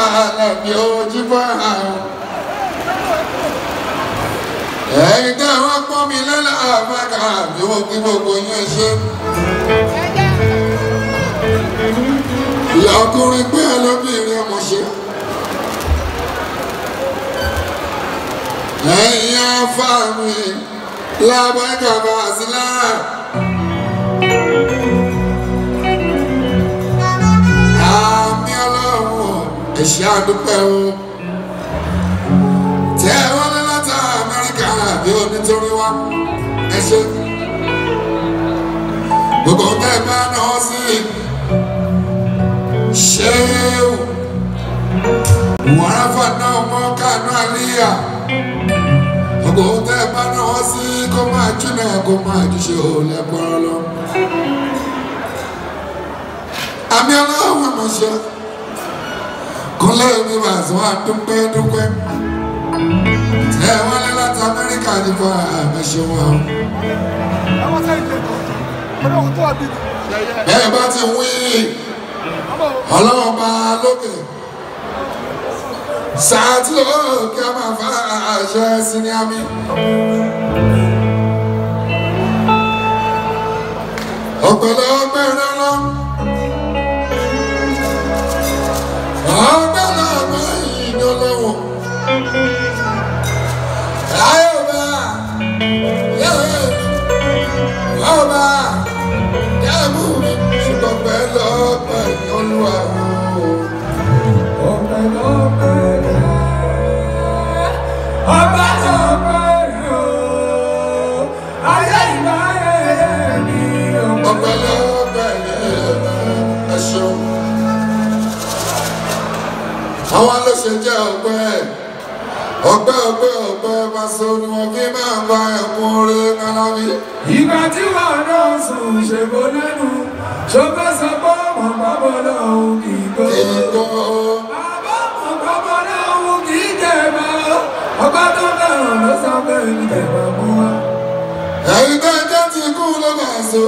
lára mi ò jí bọ́ àrùn. ẹ̀yin tẹ́ wọ́n pọ́n mi lọ́la àbáka mi ò kí gbogbo yín ṣe. ìyá ọkùnrin pé ẹlọ́bìnrin ọmọ ṣe. ẹ̀yin afá mi lábẹ́ kàbá sílẹ̀. ẹ ṣé àdúpẹ́ o tẹ́ ẹ wọ́n ní láti Amẹ́ríkà àbí onítorí wa ẹ ṣé gbogbo tẹ́ ẹ bá náà sí ṣé wọ́n á fà náà mọ́ kánú àlíyà gbogbo tẹ́ ẹ bá náà sí kó máa jìnnà kó máa jíṣe òun lẹ́kọ̀ọ́ lọ. àmì ọlọ́run àmọ̀ kúnlẹ̀ mi bá sọ wá dúpẹ́ dúpẹ́ ẹ wọlé láti amẹ́ríkà nípa àmẹ́ṣẹ́ wọn. bẹ́ẹ̀ bá ti wí ọlọ́wọ́ bá lókè sáàtì òkè máa fa àṣẹ sinimá. ọ̀pọ̀lọpọ̀ ẹ̀rọ lọ lọ́wọ́. Ayọ̀ bá yẹ̀ wọ́n bá. ló ṣe jẹ́ ọpẹ́ ọpẹ́ ọpẹ́ ọpẹ́ pàṣẹ ni wọ́n fi máa ń bá ẹkún orí kálábí. ìgbà tí wọn náà sùn ṣègbó lẹ́nu ṣó sọ pé ọmọ bàbá lọ́hùn kì í gbọ́. kì í gbọ́. bàbá lọ́hùn kì í jẹ̀bà ọgbà tó bẹ̀rù ló sọ pé ìjẹ̀bà mú wa. ẹ̀rí tó ẹjẹ́ ti kú ló bá so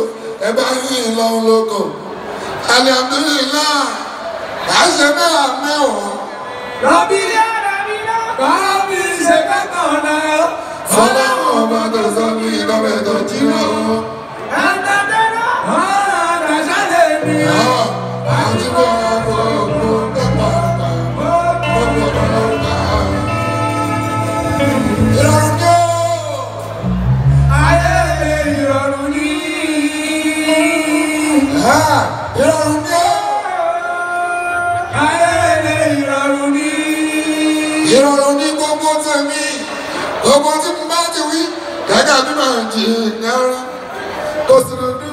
ẹ bá yín lọ́hùn lóko alihamudulilayi àṣẹ náà mẹ́wàá. Rabina, Rabina, ìyẹnrí kò sì dúdú.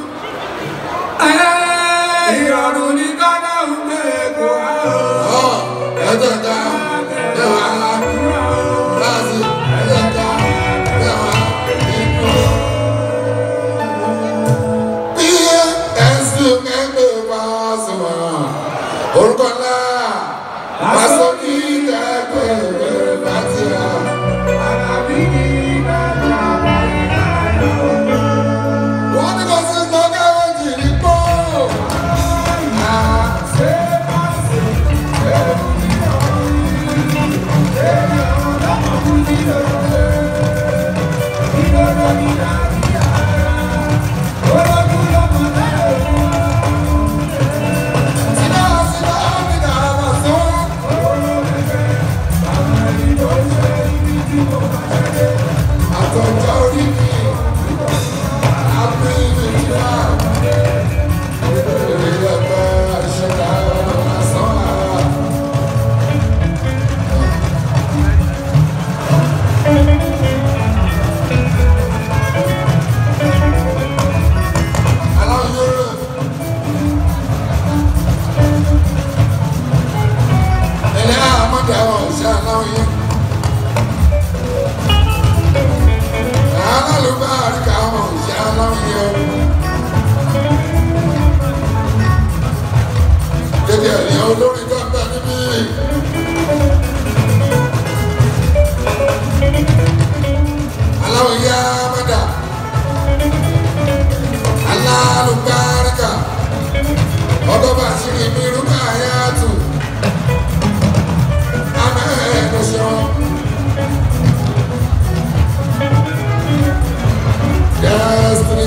ìrọ̀rùn ní kọ́nà ń gbé egbò. Ah, ẹ̀jẹ̀ ká.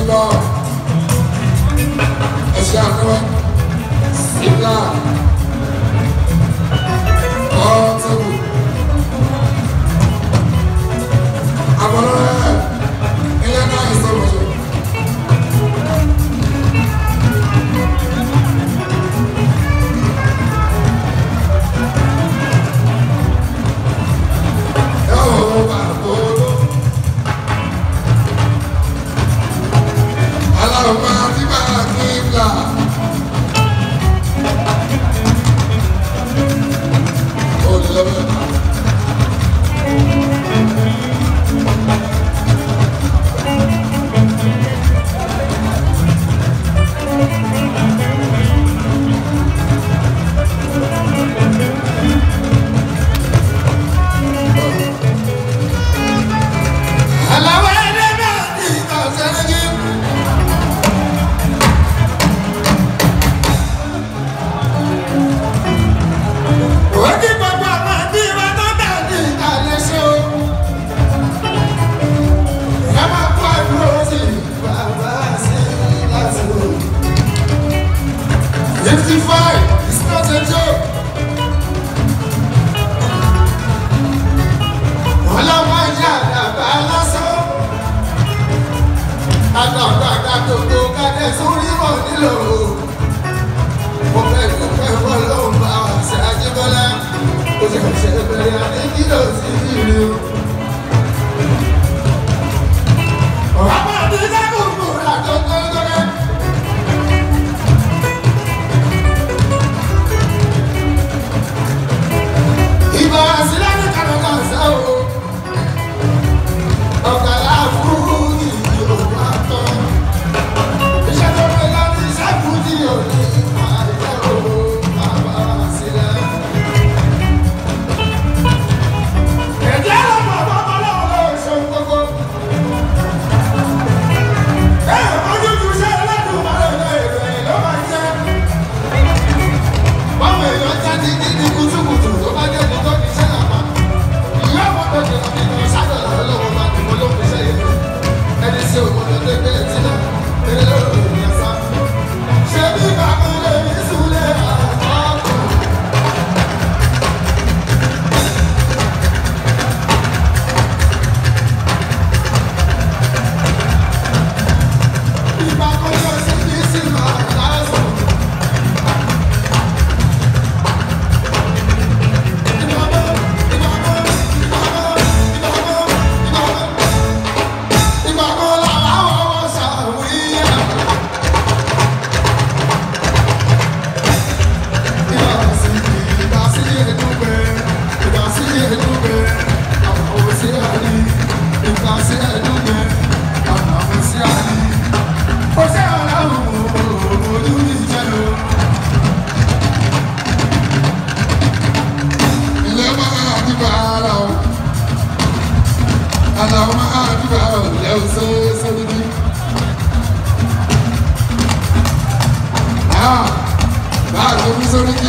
love. Ẹ ṣe àfihàn. Ìlà. tún rí mọ̀ nílò o. Mo fẹ́ dúpẹ́ fọlọ́run bá ọ̀sẹ̀ Ajíbọ́lá. Ó ṣe ṣe bẹ̀rẹ̀ àdéjìlò sí ìlú.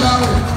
Hello.